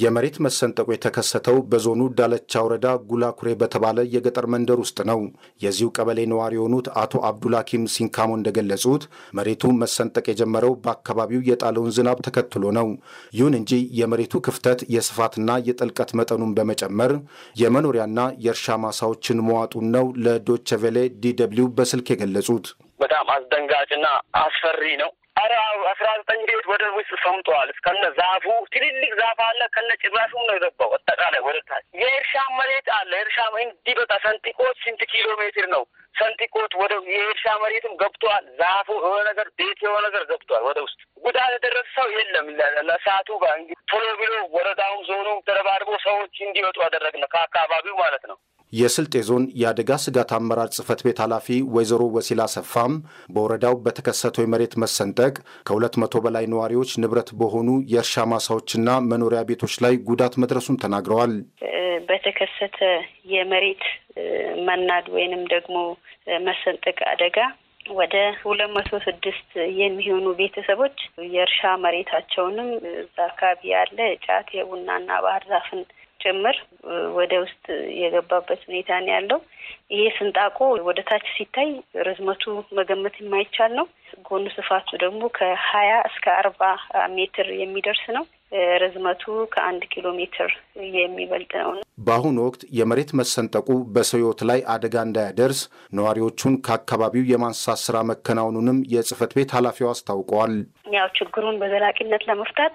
የመሬት መሰንጠቁ የተከሰተው በዞኑ ዳለቻ ወረዳ ጉላኩሬ በተባለ የገጠር መንደር ውስጥ ነው። የዚሁ ቀበሌ ነዋሪ የሆኑት አቶ አብዱልሐኪም ሲንካሞ እንደገለጹት መሬቱ መሰንጠቅ የጀመረው በአካባቢው የጣለውን ዝናብ ተከትሎ ነው። ይሁን እንጂ የመሬቱ ክፍተት የስፋትና የጥልቀት መጠኑን በመጨመር የመኖሪያና የእርሻ ማሳዎችን መዋጡን ነው ለዶቼ ዲደብሊው በስልክ የገለጹት። በጣም አስደንጋጭና አስፈሪ ነው። አስራ ውስጥ ሰምጠዋል። እስከነ ዛፉ ትልልቅ ዛፍ አለ ከነ ጭራሹም ነው የገባው። አጠቃላይ ወደታች የእርሻ መሬት አለ። እርሻ እንዲህ በቃ ሰንጢቆት ስንት ኪሎ ሜትር ነው ሰንጢቆት ወደ የእርሻ መሬትም ገብቷል። ዛፉ የሆነ ነገር ቤት የሆነ ነገር ገብቷል ወደ ውስጥ። ጉዳት የደረሰ ሰው የለም። ለእሳቱ ጋር ቶሎ ብሎ ወረዳውም ዞኑ ተረባርቦ ሰዎች እንዲወጡ አደረግነ ከአካባቢው ማለት ነው። የስልጤ ዞን የአደጋ ስጋት አመራር ጽህፈት ቤት ኃላፊ ወይዘሮ ወሲላ ሰፋም በወረዳው በተከሰተው የመሬት መሰንጠቅ ከሁለት መቶ በላይ ነዋሪዎች ንብረት በሆኑ የእርሻ ማሳዎችና መኖሪያ ቤቶች ላይ ጉዳት መድረሱን ተናግረዋል። በተከሰተ የመሬት መናድ ወይንም ደግሞ መሰንጠቅ አደጋ ወደ ሁለት መቶ ስድስት የሚሆኑ ቤተሰቦች የእርሻ መሬታቸውንም እዛ አካባቢ ያለ ጫት የቡናና ባህር ዛፍን ጭምር ወደ ውስጥ የገባበት ሁኔታ ነው ያለው። ይሄ ስንጣቆ ወደ ታች ሲታይ ርዝመቱ መገመት የማይቻል ነው። ጎኑ ስፋቱ ደግሞ ከሀያ እስከ አርባ ሜትር የሚደርስ ነው። ርዝመቱ ከአንድ ኪሎ ሜትር የሚበልጥ ነው። በአሁኑ ወቅት የመሬት መሰንጠቁ በሰው ሕይወት ላይ አደጋ እንዳያደርስ ነዋሪዎቹን ከአካባቢው የማንሳት ስራ መከናወኑንም የጽህፈት ቤት ኃላፊው አስታውቀዋል። ያው ችግሩን በዘላቂነት ለመፍታት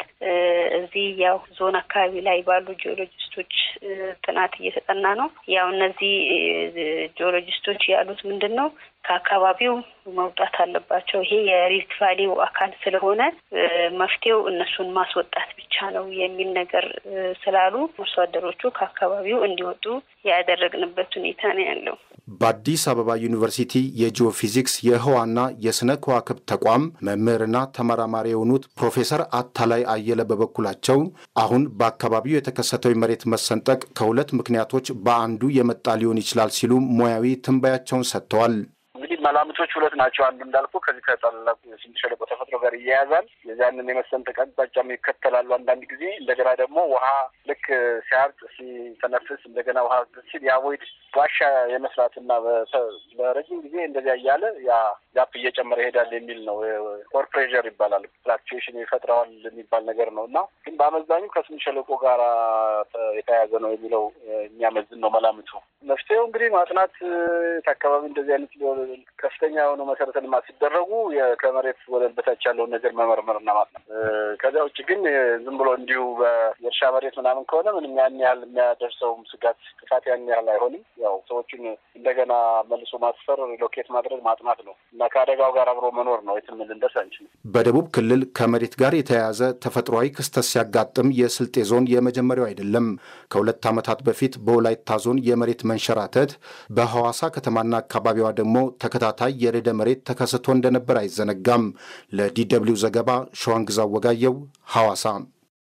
እዚህ ያው ዞን አካባቢ ላይ ባሉ ጂኦሎጂስቶች ጥናት እየተጠና ነው። ያው እነዚህ ጂኦሎጂስቶች ያሉት ምንድን ነው ከአካባቢው መውጣት አለባቸው። ይሄ የሪፍት ቫሊው አካል ስለሆነ መፍትሄው እነሱን ማስወጣት ብቻ ነው የሚል ነገር ስላሉ አርሶ አደሮቹ ከአካባቢው እንዲወጡ ያደረግንበት ሁኔታ ነው ያለው። በአዲስ አበባ ዩኒቨርሲቲ የጂኦ ፊዚክስ የህዋና የስነ ከዋክብት ተቋም መምህርና ተመራማሪ የሆኑት ፕሮፌሰር አታላይ አየለ በበኩላቸው አሁን በአካባቢው የተከሰተው የመሬት መሰንጠቅ ከሁለት ምክንያቶች በአንዱ የመጣ ሊሆን ይችላል ሲሉ ሙያዊ ትንበያቸውን ሰጥተዋል። ሰላምቶች ሁለት ናቸው። አንዱ እንዳልኩ ከዚህ ከታላቁ ስንት ሸለቆ ተፈጥሮ ጋር እያያዛል። የዚያንን የመሰንጠቅ አቅጣጫም ይከተላሉ። አንዳንድ ጊዜ እንደገና ደግሞ ውሃ ልክ ሲያርጥ ሲተነፍስ እንደገና ውሃ ሲል የአቮይድ ዋሻ የመስራትና በረጅም ጊዜ እንደዚያ እያለ ያ ጋፕ እየጨመረ ይሄዳል የሚል ነው። ኮር ፕሬዠር ይባላል። ፍላክቹዌሽን ይፈጥረዋል የሚባል ነገር ነው እና ግን በአመዛኙ ከስምጥ ሸለቆ ጋር የተያያዘ ነው የሚለው የሚያመዝን ነው መላምቱ። መፍትሄው እንግዲህ ማጥናት ከአካባቢ እንደዚህ አይነት ከፍተኛ የሆኑ መሰረተ ልማት ሲደረጉ ከመሬት ወለል በታች ያለውን ነገር መመርመርና ነው። ከዚያ ውጭ ግን ዝም ብሎ እንዲሁ በእርሻ መሬት ምናምን ከሆነ ምንም ያን ያህል የሚያደርሰውም ስጋት ጥፋት ያን ያህል አይሆንም። ያው ሰዎቹን እንደገና መልሶ ማስፈር፣ ሪሎኬት ማድረግ፣ ማጥናት ነው እና ከአደጋው ጋር አብሮ መኖር ነው። የትም ልንደርስ አንችልም። በደቡብ ክልል ከመሬት ጋር የተያያዘ ተፈጥሯዊ ክስተት ሲያጋጥም የስልጤ ዞን የመጀመሪያው አይደለም። ከሁለት ዓመታት በፊት በወላይታ ዞን የመሬት መንሸራተት በሐዋሳ ከተማና አካባቢዋ ደግሞ ተከታ ተከታታይ የርዕደ መሬት ተከስቶ እንደነበር አይዘነጋም። ለዲ ዘገባ ሸዋንግዛ ወጋየው ሐዋሳ